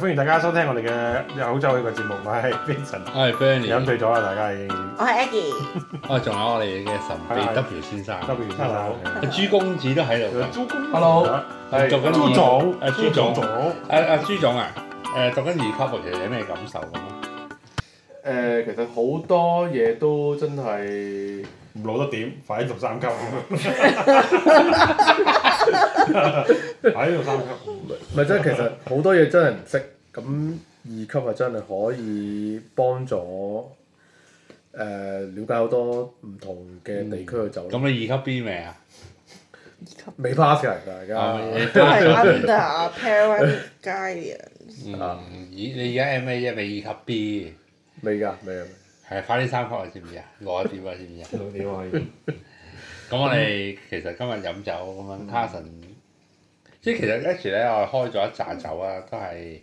歡迎大家收聽我哋嘅好酒好友呢個節目，我係 Vincent，我係 Fanny，飲醉咗啦，大家，已經我係 Eddie，我仲有我哋嘅神秘 W 先生，W 先生，阿朱公子都喺度，阿朱公子，Hello，讀緊二級，其實有咩感受咁啊？誒，其實好多嘢都真係唔攞得點，快啲讀三級啦！快啲讀三級。咪即係， 其實好多嘢真係唔識。咁二級就真係可以幫助誒、呃、了解好多唔同嘅地區嘅酒。咁、嗯、你二級 B 未啊？二級未 pass s i n 而家都係 under parental guidance 嗯，你 MA 而家 M A 即係未二級 B？未㗎，未 啊，㗎。 係快啲三級啊！知唔知啊？攞碟啊！知唔知啊？攞碟可以。咁 我哋其實今日飲酒咁樣，Carson。 即係其實 X 呢，我開咗一紮酒啊，都係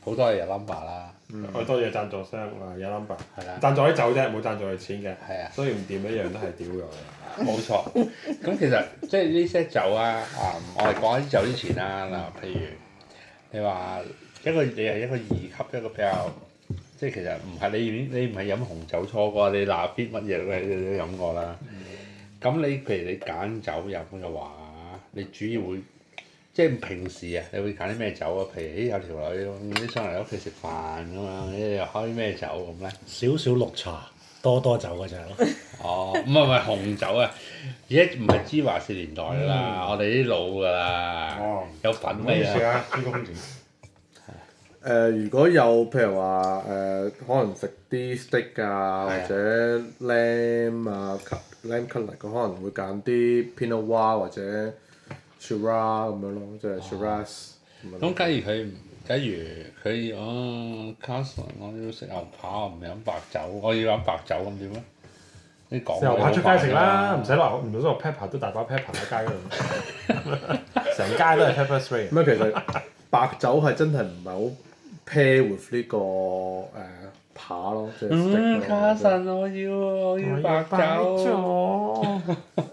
好多嘢 number 啦。好多嘢贊助商啊，有 number。係贊助啲酒啫，冇贊助佢錢嘅。所以唔掂一樣都係丟咗佢。冇錯。咁其實即係呢些酒啊，我哋講起酒之前啊，譬如你話一個你係一個二級一個比較，即係其實唔係你，你唔係飲紅酒初哥，你嗱啲乜嘢你都飲過啦。咁你譬如你揀酒飲嘅話，你主要會？即係平時啊，你會揀啲咩酒啊？譬如咦有條女上，咁，friend 嚟屋企食飯咁嘛，你又開咩酒咁呢？少少綠茶，多多酒嗰隻咯。 哦，唔係唔係紅酒啊，而家唔係芝華士年代啦，嗯、我哋啲老㗎啦，哦、有品味啲啊，開個空調。誒、 呃，如果有譬如話誒、呃，可能食啲 steak 啊，或者 lamb 啊，lamb cutlet 個可能會揀啲 Pinot Noir 或者。Chivas 咁、like, like, 啊、樣咯，即係 Chivas。咁假如佢，假如佢，哦，卡神，我要食牛扒，唔飲白酒，我要飲白酒咁點咧？你講。牛扒出街食啦，唔使話，唔使話，pepper 都大把 pepper 喺街度，成 街都係 pepper tree。咁、嗯、其實白酒係真係唔係好 pair with 呢、呢個誒、啊、扒咯。即嗯，卡神，我要，我要，我要白酒。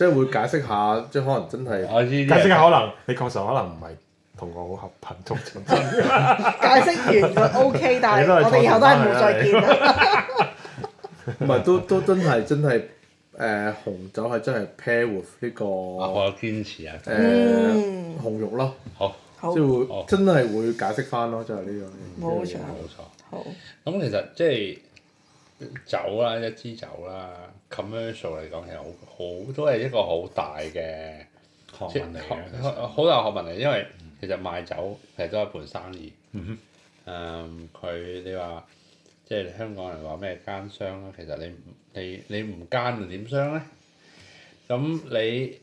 即係會解釋下，即係可能真係解釋下可能。你確實可能唔係同我好合頻率。解釋完就 OK，但係我哋以後都係唔會再見啦。唔係，都都真係真係誒紅酒係真係 pair with 呢個。我堅持啊。誒紅肉咯，好即係會真係會解釋翻咯，就係呢樣嘢。冇錯，冇錯，好。咁其實即係酒啦，一支酒啦。commercial 嚟講，其實好都係一個好大嘅學問嚟嘅。好大是實學問嚟，因為其實賣酒其實都係盤生意。誒、嗯哼，佢、嗯、你話，即係香港人話咩奸商咧？其實你你你唔奸就點商呢？咁你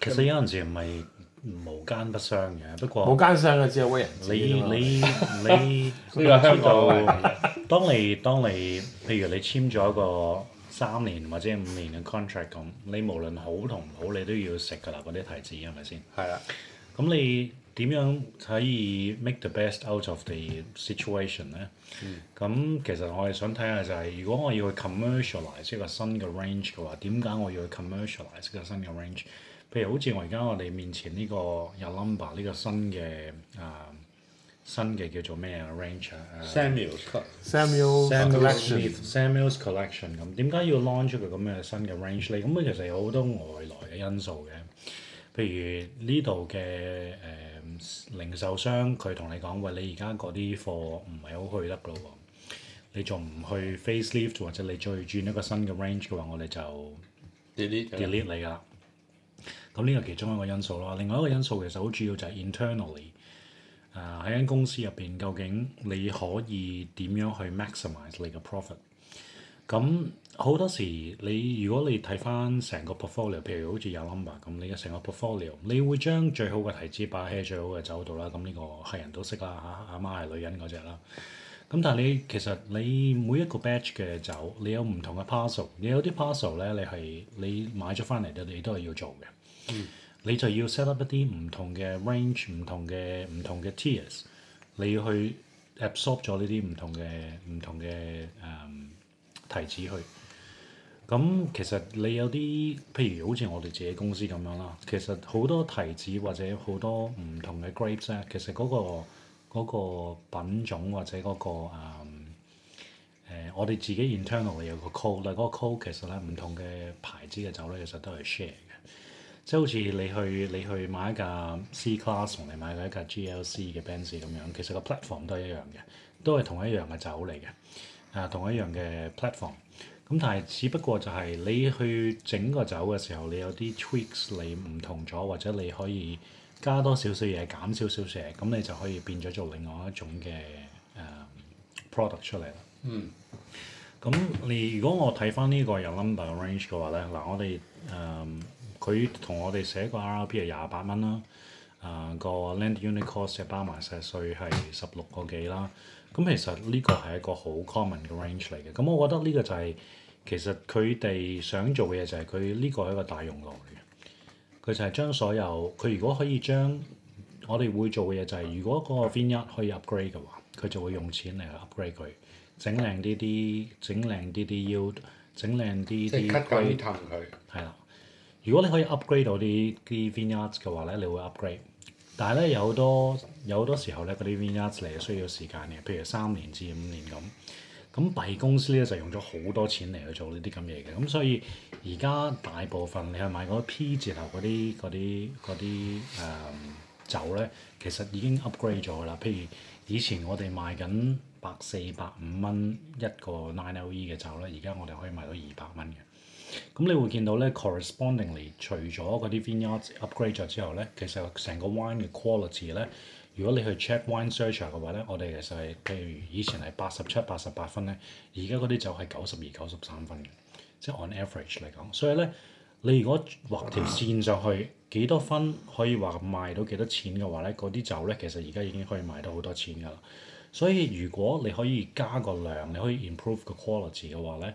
其實有陣時唔係無奸不商嘅，不過冇奸商嘅只有威人你。你你 你呢個香港當你當你譬如你簽咗一個。 三年或者五年嘅 contract 咁，你無論好同唔好，你都要食㗎啦。嗰啲提子係咪先？係啦。咁的你點樣可以 make the best out of the situation 呢？咁、嗯、其實我係想睇下就係、是，如果我要去 commercialize 一個新嘅 range 嘅話，點解我要去 commercialize 一個新嘅 range？譬如好似我而家我哋面前呢、這個 Yalumba 呢個新嘅啊。呃新嘅叫做咩啊 range 啊 Samuel Samuel collection Samuel's collection 咁點解要 launch 出個咁嘅新嘅 range 咧？咁其實有好多外來嘅因素嘅，譬如呢度嘅誒零售商佢同你講喂，你而家嗰啲貨唔係好去得嘅你仲唔去 facelift 或者你再轉一個新嘅 range 嘅話，我哋就 delete, delete 你㗎啦。咁呢、uh, 個其中一個因素咯，另外一個因素其實好主要就係 internally。誒喺間公司入邊，究竟你可以點樣去 maximize 你個 profit？咁、嗯、好多時你，你如果你睇翻成個 portfolio，譬如好似 Yalumba 咁，你嘅成個 portfolio，你會將最好嘅提子擺喺最好嘅酒度啦。咁呢個係人都識啦嚇，阿、啊、媽係女人嗰隻啦。咁、嗯、但係你其實你每一個 batch 嘅酒，你有唔同嘅 parcel，你有啲 parcel 咧，你係你買咗翻嚟，你都係要做嘅。嗯你就要 set up 一啲唔同嘅 range，唔同嘅唔同嘅 tiers，你要去 absorb 咗呢啲唔同嘅唔同嘅誒、嗯、提子去。咁、嗯、其實你有啲譬如好似我哋自己公司咁樣啦，其實好多提子或者好多唔同嘅 grapes，其實嗰、那個嗰、那個品種或者嗰、那個誒、嗯呃，我哋自己 internal 有個 code，但係嗰個 code 其實咧，唔同嘅牌子嘅酒咧，其實都係 share。即好似你去你去買一架 C-Class 同你買嗰一架 GLC 嘅 Benz 咁樣，其實個 platform 都係一樣嘅，都係同一樣嘅酒嚟嘅，啊同一樣嘅 platform。咁但係只不過就係你去整個酒嘅時候，你有啲 tweaks 你唔同咗，或者你可以加多少少嘢減少少嘢，咁你就可以變咗做另外一種嘅誒、啊、product 出嚟啦。嗯，咁你如果我睇翻呢個 Yalumba Range 嘅話咧，嗱、啊、我哋誒。啊佢同我哋寫個 RRP 係廿八蚊啦，誒個 Landed Unit Cost 包埋晒稅係十六個幾啦。咁、啊、其實呢個係一個好 common 嘅 range 嚟嘅。咁、啊、我覺得呢個就係、是、其實佢哋想做嘅嘢就係佢呢個係一個大用途嚟嘅。佢就係將所有佢如果可以將我哋會做嘅嘢就係、是、如果個 vineyard 可以 upgrade 嘅話，佢就會用錢嚟 upgrade 佢整靚啲啲，整靚啲啲 yield，整靚啲啲。Yield，一些一些 spray，即係吸走啲氫佢。係啦。如果你可以 upgrade 到啲啲 vineyard 嘅話咧，你會 upgrade。但係咧，有好多有好多時候咧，嗰啲 vineyard 嚟係需要時間嘅，譬如三年至五年咁。咁弊公司咧就用咗好多錢嚟去做呢啲咁嘢嘅，咁所以而家大部分你去買嗰啲 P 字頭嗰啲嗰啲嗰啲誒酒咧，其實已經 upgrade 咗啦。譬如以前我哋賣緊百四百五蚊一個 90E 嘅酒咧，而家我哋可以賣到二百蚊嘅。咁你會見到咧，correspondingly，除咗嗰啲 v i n e y a r d upgrade 咗之後咧，其實成個 wine 嘅 quality 咧，如果你去 check wine search 嘅、er、話咧，我哋其實係譬如以前係八十七、八十八分咧，而家嗰啲就係九十二、九十三分嘅，即係 on average 嚟講。所以咧，你如果畫條線上去，幾多分可以話賣到幾多錢嘅話咧，嗰啲酒咧其實而家已經可以賣到好多錢㗎啦。所以如果你可以加個量，你可以 improve 個 quality 嘅話咧。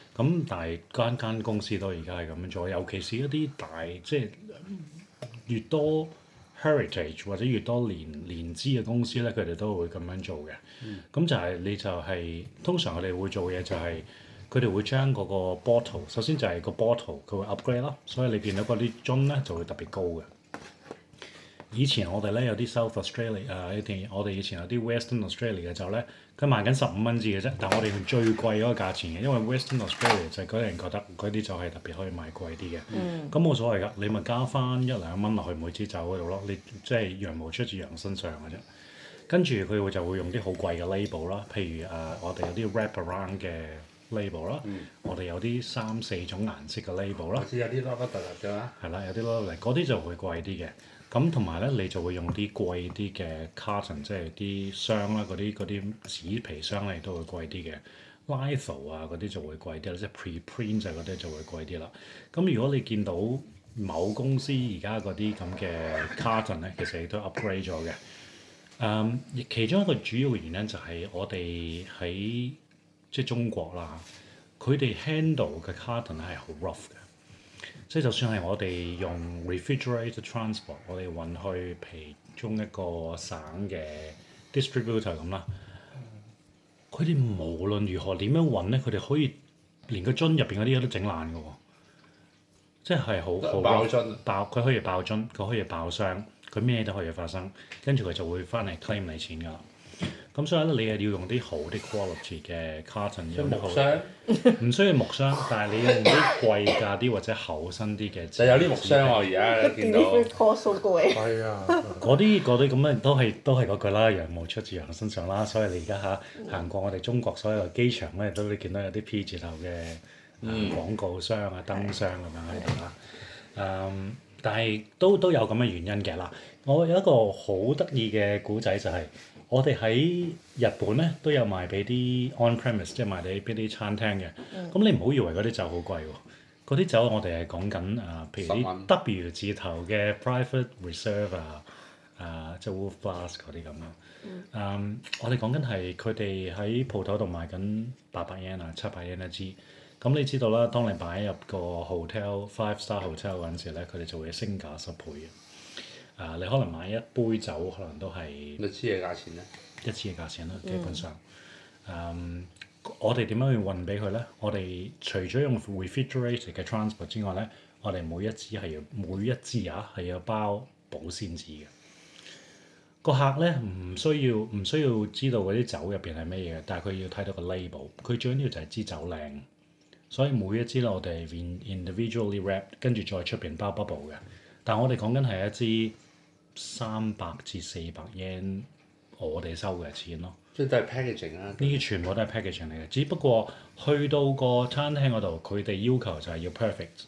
咁但係間間公司都而家係咁樣做，尤其是一啲大即係越多 heritage 或者越多年年資嘅公司咧，佢哋都會咁樣做嘅。咁、嗯、就係、是、你就係、是、通常我哋會做嘢就係佢哋會將嗰個 bottle 首先就係個 bottle 佢會 upgrade 咯，所以你見到嗰啲樽咧就會特別高嘅。以前我哋咧有啲 South Australia 啊、呃、定。我哋以前有啲 Western Australia 嘅酒咧，佢賣緊十五蚊支嘅啫。但係我哋用最貴嗰個價錢嘅，因為 Western Australia 就係嗰啲人覺得嗰啲酒係特別可以賣貴啲嘅。咁冇、嗯、所謂㗎，你咪加翻一兩蚊落去每支酒嗰度咯。你即係、就是、羊毛出自羊身上嘅啫。跟住佢就會用啲好貴嘅 label 啦，譬如誒我哋有啲 wrap around 嘅 label 啦，我哋有啲三四種顏色嘅 label 啦。好似有啲攞得獨立嘅嘛？係啦，有啲攞嗰啲就會貴啲嘅。咁同埋咧，你就會用啲貴啲嘅 carton，即係啲箱啦，嗰啲啲紙皮箱咧，都會貴啲嘅。litho 啊，嗰啲就會貴啲啦，即係 pre-print 啊嗰啲就會貴啲啦。咁如果你見到某公司而家嗰啲咁嘅 carton 咧，其實都 upgrade 咗嘅。誒、um，其中一個主要原因就係、是、我哋喺即係中國啦，佢哋 handle 嘅 carton 係好 rough 嘅。即係就算係我哋用 refrigerator transport，我哋運去其中一個省嘅 distributor 咁啦，佢哋無論如何點樣運咧，佢哋可以連個樽入邊嗰啲嘢都整爛嘅喎，即係好好爆樽，佢可以爆樽，佢可以爆箱，佢咩都可以發生，跟住佢就會翻嚟 claim 你錢㗎。嗯咁所以咧，你係要用啲好啲 quality 嘅 carton 嘢，唔需要唔需要木箱，但係你用啲貴價啲或者厚身啲嘅，就有啲木箱喎。而家見到，嗰啲嗰啲咁樣都係都係嗰句啦，羊毛出自羊身上啦。所以你而家嚇行過我哋中國所有嘅機場咧，你都你見到有啲 P 字頭嘅、啊、廣告商啊、燈箱咁樣喺度啦。的嗯，嗯，但係都都有咁嘅原因嘅啦。我有一個好得意嘅古仔就係、是。我哋喺日本咧都有賣俾啲 on premise，即係賣俾邊啲餐廳嘅。咁、嗯、你唔好以為嗰啲酒好貴喎，嗰啲酒我哋係講緊誒，譬、啊、如啲 W 字頭嘅 Private Reserve 啊，誒即係 Wolf Blass 嗰啲咁樣。誒、啊，我哋講緊係佢哋喺鋪頭度賣緊八百円啊，七百円一支。咁你知道啦，當你擺入個 hotel five star hotel 嗰陣時咧，佢哋就會升價十倍嘅。啊！你可能買一杯酒，可能都係一支嘅價錢咧。一支嘅價錢咯，基本上誒、嗯 um，我哋點樣去運俾佢咧？我哋除咗用 refrigerated 嘅 transport 之外咧，我哋每一支係要每一支啊係要包保鮮紙嘅。個客咧唔需要唔需要知道嗰啲酒入邊係咩嘢，但係佢要睇到個 label。佢最緊要就係支酒靚，所以每一支咧我哋 in individually wrapped 跟住再出邊包包 bubble 嘅。但係我哋講緊係一支。三百至四百 yen 我哋收嘅錢咯。即係都係 packaging 啦、啊。呢啲全部都係 packaging 嚟嘅，只不過去到個餐廳嗰度，佢哋要求就係要 perfect，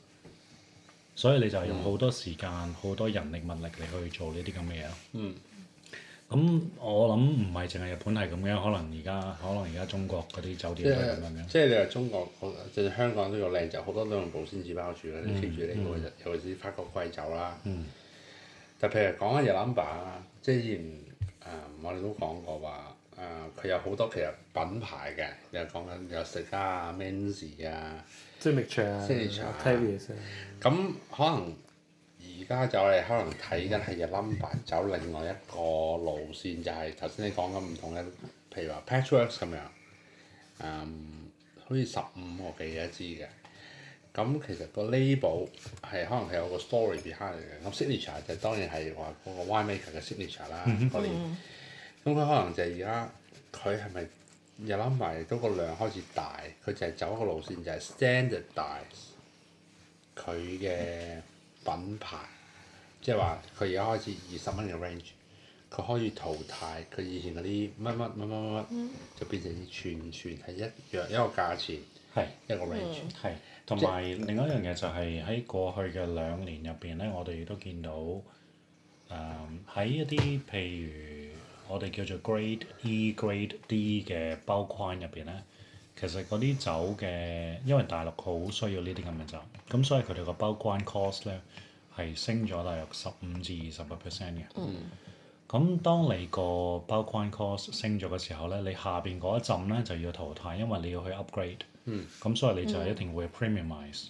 所以你就用好多時間、好、嗯、多人力物力嚟去做呢啲咁嘅嘢咯。嗯。咁我諗唔係淨係日本係咁樣，可能而家可能而家中國嗰啲酒店都係咁樣。即係你話中國，甚至香港都有靚酒，好多都用保鮮紙包住啦 keep 住呢個，尤其係法國貴酒啦。啊嗯就譬如講啊，Yalumba 啦，即係以前誒，我哋都講過話誒，佢、呃、有好多其實品牌嘅，又講緊有 Cigar、Menzies 啊、signature 啊、Octavius 啊，咁可能而家就係可能睇緊係 Yalumba 走另外一個路線，就係頭先你講緊唔同嘅，譬如話 Patchworks 咁樣，誒、嗯，好似十五我記憶中嘅。咁其實個 label 係可能係有個 story behind 嚟嘅。咁 signature 就當然係話嗰個 wine maker 嘅 signature 啦。當然，咁佢可能就而家佢係咪又諗埋嗰個量開始大？佢就係走一個路線，就係 standardize 佢嘅品牌，即係話佢而家開始二十蚊嘅 range，佢可以淘汰佢以前嗰啲乜乜乜乜乜，就變成全全係一樣一個價錢，是一個 range、嗯。同埋另外一樣嘢就係喺過去嘅兩年入邊呢，我哋亦都見到，誒、嗯、喺一啲譬如我哋叫做 Grade E、Grade D 嘅包關入邊呢，其實嗰啲酒嘅，因為大陸好需要呢啲咁嘅酒，咁所以佢哋個包關 cost 呢，係升咗大約十五至二十個 percent 嘅。咁當你個包 coin cost 升咗嘅時候呢，你下面嗰一陣呢就要淘汰，因為你要去 upgrade。嗯。咁所以你就一定會 premiumize、嗯、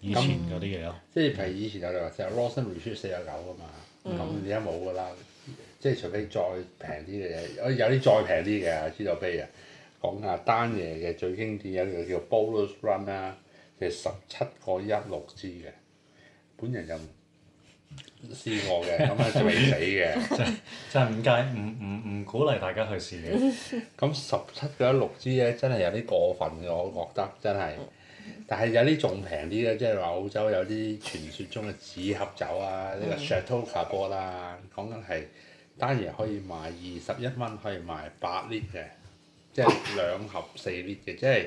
以前嗰啲嘢咯。即係譬如以前有你話就係 Rawson's Retreat 出四廿九啊嘛，咁而家冇㗎啦。即係除非再平啲嘅，哦有啲再平啲嘅，知道如啊？講下單嘢嘅最經典有一樣叫 bonus run 啦，其實十七個一六支嘅，本人就唔～試過嘅，咁啊仲未死嘅， 真係唔介唔唔唔鼓勵大家去試嘅。咁十七嗰啲六支呢，真係有啲過分嘅，我覺得真係。但係有啲仲平啲嘅，即係話澳洲有啲傳説中嘅紙盒酒啊，呢個 Chateau Cardboard 啦，講緊係單嘢可以賣二十一蚊，可以賣八 lit 嘅，即係兩盒四 lit 嘅，即係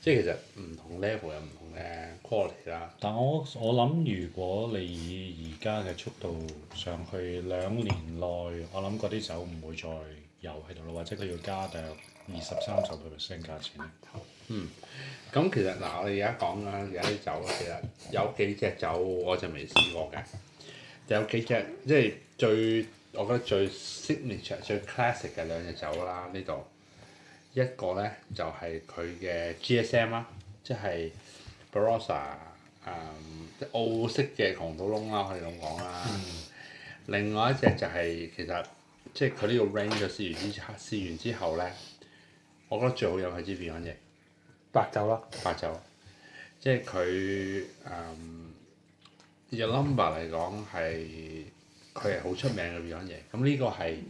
即係其實唔同 level 又唔同。誒但我我諗，如果你以而家嘅速度上去，兩年內我諗嗰啲酒唔會再有喺度咯，或者佢要加大概二十三、十個 percent 價錢咧。咁，嗯，其實嗱，我哋而家講啦，而家啲酒其實有幾隻酒我就未試過嘅，有幾隻即係最我覺得最 signature、最 classic 嘅兩隻酒啦。呢度一個呢，就係、係、佢嘅 G S M 啦，即係。Barossa，誒、嗯、澳式嘅紅土籠啦，可以咁講啦。嗯、另外一隻就係、是、其實即係佢呢個 range i 嘅試完之試完之後呢，我覺得最好飲係支 Viognier，白酒咯。白酒，即係佢誒，以 Yalumba 嚟講係佢係好出名嘅 Viognier。咁呢個係。嗯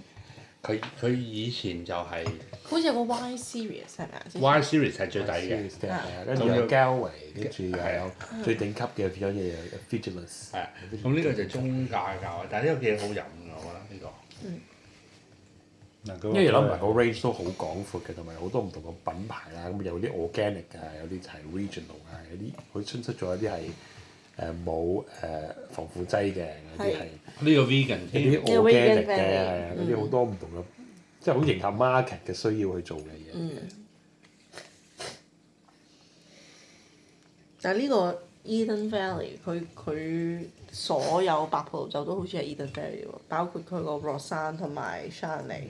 佢佢以前就係、是、好似有個 Y series 係咪？Y series 係最抵嘅，係啊，跟住對有 Galway，跟住又有最頂級嘅嗰樣嘢，有 Virgilius 係咁呢個就係中價價，對但係呢個嘢好飲㗎，對我覺得呢、呢個。嗯、因為諗埋個 range 都好廣闊嘅，同埋好多唔同嘅品牌啦。咁有啲 organic 㗎，有啲就係 regional 㗎，有啲佢推出咗一啲係。誒冇誒防腐劑嘅啲係，呢個 vegan，嗰啲嘅係啊，啲好、嗯、多唔同嘅，嗯、即係好迎合 market 嘅需要去做嘅嘢、嗯。但係呢個 Eden Valley，佢佢、嗯、所有白葡萄酒都好似係 Eden Valley 喎，包括佢個羅山同埋 s h Chardonnay。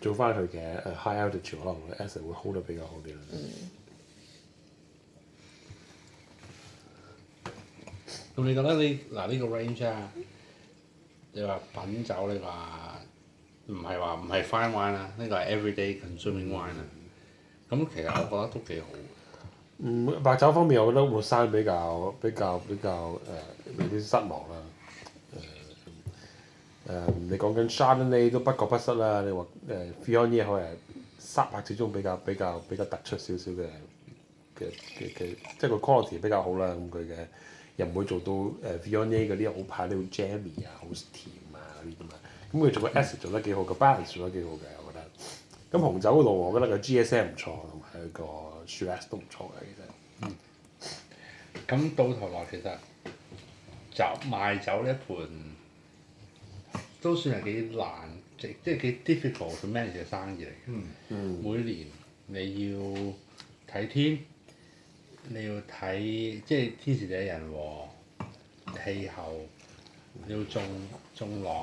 做翻佢嘅 High Altitude 可能 acid 會 hold 得比較好啲啦。嗯咁你覺得你嗱呢、這個 range 啊？你話品酒你話唔係話唔係 fine wine 啊？呢、這個係 everyday consuming wine 啊。咁其實我覺得都幾好。嗯，白酒方面我覺得木生比較比較比較誒、呃、有啲失望啦。誒、呃呃，你講緊 Chardonnay 呢都不過不失啦。你話誒 Viognier 呢係沙白之中比較比較比較，比較突出少少嘅嘅嘅嘅，即係個 quality 比較好啦。咁佢嘅。又唔會做到誒 Viognier 嗰啲好怕啲好 jammy 啊，好甜啊嗰啲咁嘛。咁佢做個 acid 做得幾好嘅，balance、嗯、做得幾好嘅，我覺得。咁紅酒嘅路，我覺得佢 GSM 唔錯，同埋佢個 s t e s 都唔錯嘅，其實。咁、嗯、到頭來其實集賣酒呢一盤都算係幾難，即即係幾 difficult 去 manage 嘅生意嚟。嗯。嗯，每年你要睇天。你要睇，即係天時地利人和氣候，你要種種落，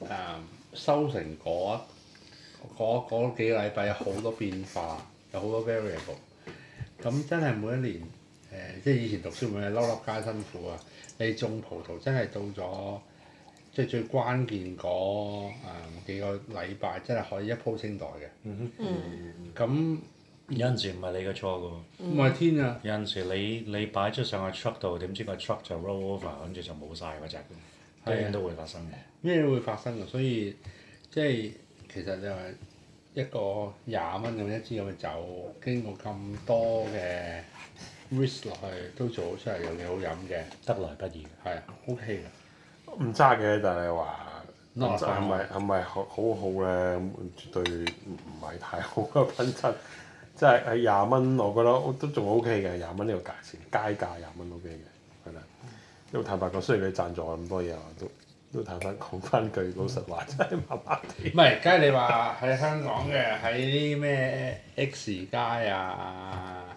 啊、嗯、收成果，嗰嗰幾個禮拜有好多變化，有好多 variable。咁真係每一年，誒、呃、即係以前讀書咪係粒粒皆辛苦啊！你種葡萄真係到咗，即係最關鍵嗰啊、嗯、幾個禮拜，真係可以一鋪清袋嘅。Mm hmm. 嗯咁。嗯有陣時唔係你嘅錯嘅喎，有陣時你你擺咗上去 truck 度，點知個 truck 就 roll over，跟住就冇晒嗰隻，都係的都會發生嘅。咩都會發生嘅？所以即係其實你話一個廿蚊咁一支咁嘅酒，經過咁多嘅 risk 落去，都做出好出嚟有幾好飲嘅，得來不易，係的 OK 嘅的，唔差嘅，但係話係咪係咪好好嘅？絕對唔唔係太好嘅品質。 即係廿蚊，我覺得都仲 OK 嘅，廿蚊呢個價錢，街價廿蚊 OK 嘅係啦。因為坦白講，雖然你贊助我咁多嘢，我都都坦白講翻句老實話，真係麻麻地。唔係，梗係你話喺 香港嘅，喺啲咩 X 街啊，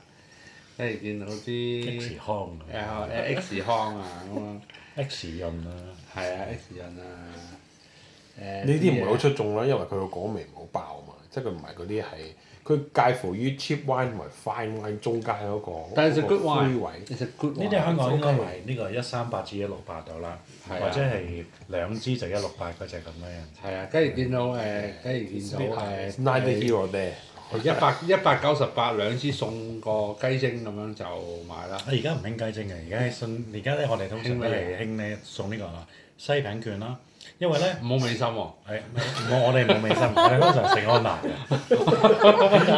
誒見到啲 X 康，X X 康啊咁啊，X 潤啊，係啊 X 潤啊，呢啲唔係好出眾啦， 因為佢個果味唔好爆啊嘛，即係佢唔係嗰啲係。佢介乎於 cheap wine 同埋 fine wine 中間嗰、嗰個 good wine 呢啲香港應該係呢個一三八至一六八度啦，啊、或者係兩支就一六八嗰隻咁樣樣。係啊，假如見到誒，假如見到唉，Nine t 一百一百九十八兩支送個雞精咁樣就買啦。而家唔興雞精嘅，而家興送而家呢我哋通常咧。興咧係興咧送呢、這個西餅券啦。因為咧冇尾薪美心喎，係，我我哋冇美心，通常食安南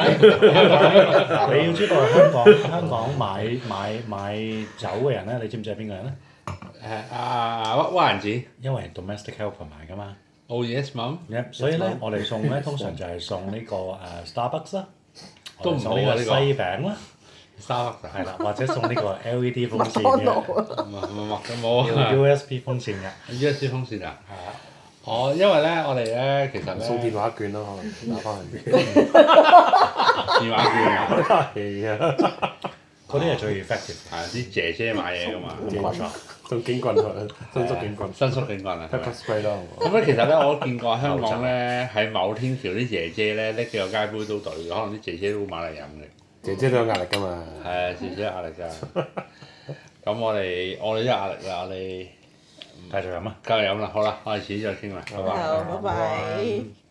嘅，點解？你要知道喺香港香港買買買酒嘅人咧，你知唔知係邊個人咧？誒啊！屈屈臣氏，因為係 domestic helper 噶嘛。Oh yes, ma'am。一，所以咧，我哋送咧通常就係送呢個誒 Starbucks 啦，送呢個西餅啦。三克啦，或者送呢個 LED 風扇嘅，唔唔冇啊，U S B 風扇嘅，U S B 風扇啊，哦，因為咧，我哋咧，其實送電話券咯，可能打翻嚟，電話卷，啊，嗰啲係最 effective，啲姐姐買嘢嘅嘛，冇錯，送警棍佢，新出警棍，新出警棍啊，咁啊，其實咧，我見過香港咧，喺某天橋啲姐姐咧拎幾個街杯都攰，可能啲姐姐都買嚟飲嘅。姐姐都有壓力㗎嘛，係啊，姐姐有壓力㗎。咁 我哋我哋都有壓力啦，我哋繼續飲啦，繼續飲啦，好啦，遲啲再傾啦，好嘛，拜拜。拜拜。